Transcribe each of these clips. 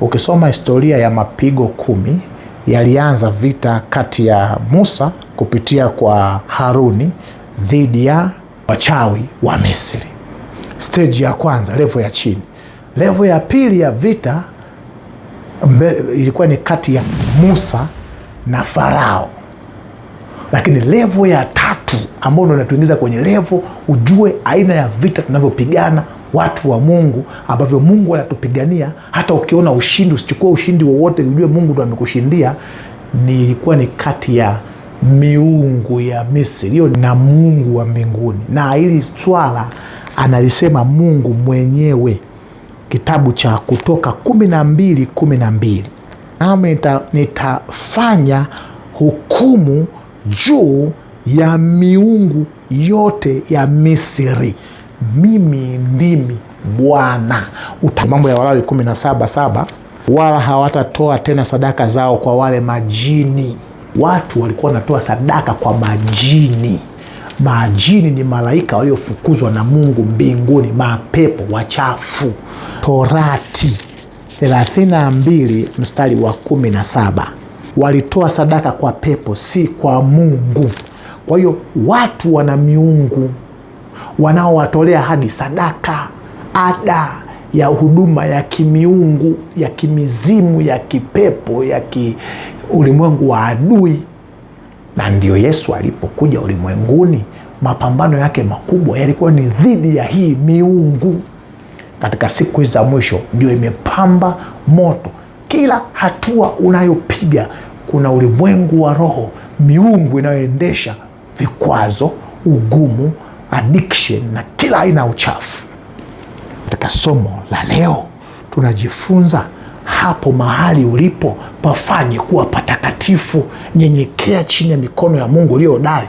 Ukisoma historia ya mapigo kumi, yalianza vita kati ya Musa kupitia kwa Haruni dhidi ya wachawi wa Misri. Steji ya kwanza, levo ya chini. Levo ya pili ya vita mbele, ilikuwa ni kati ya Musa na Farao, lakini levo ya tatu ambayo ndio inatuingiza kwenye levo, ujue aina ya vita tunavyopigana watu wa Mungu ambavyo Mungu anatupigania. Hata ukiona ushindi, usichukue ushindi wowote, ujue Mungu ndo amekushindia. Nilikuwa ni kati ya miungu ya Misri hiyo na Mungu wa mbinguni, na hili swala analisema Mungu mwenyewe kitabu cha Kutoka kumi na mbili kumi na mbili nami nitafanya hukumu juu ya miungu yote ya Misri mimi ndimi Bwana. Mambo ya Walawi 17:7, wala hawatatoa tena sadaka zao kwa wale majini. Watu walikuwa wanatoa sadaka kwa majini. Majini ni malaika waliofukuzwa na Mungu mbinguni, mapepo wachafu. Torati 32 mstari wa 17, walitoa sadaka kwa pepo, si kwa Mungu. Kwa hiyo watu wana miungu wanaowatolea hadi sadaka, ada ya huduma ya kimiungu, ya kimizimu, ya kipepo, ya ki ulimwengu wa adui. Na ndiyo Yesu alipokuja ulimwenguni, mapambano yake makubwa yalikuwa ni dhidi ya hii miungu. Katika siku hizi za mwisho ndio imepamba moto. Kila hatua unayopiga kuna ulimwengu wa roho, miungu inayoendesha vikwazo, ugumu addiction na kila aina ya uchafu. Katika somo la leo tunajifunza hapo mahali ulipo pafanye kuwa patakatifu. Nyenyekea chini ya mikono ya Mungu uliyo hodari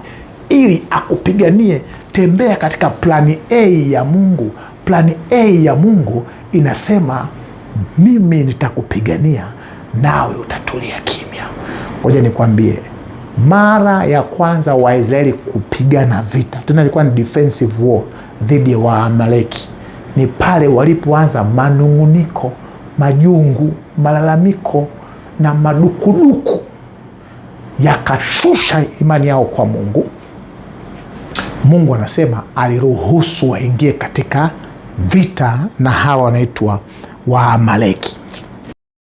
ili akupiganie. Tembea katika plani A ya Mungu. Plani A ya Mungu inasema mimi nitakupigania nawe utatulia kimya. Ngoja nikwambie, mara ya kwanza Waisraeli kupigana vita, tena ilikuwa ni defensive war dhidi ya Waamaleki, ni pale walipoanza manung'uniko, majungu, malalamiko na madukuduku, yakashusha imani yao kwa Mungu. Mungu anasema aliruhusu waingie katika vita na hawa wanaitwa Waamaleki.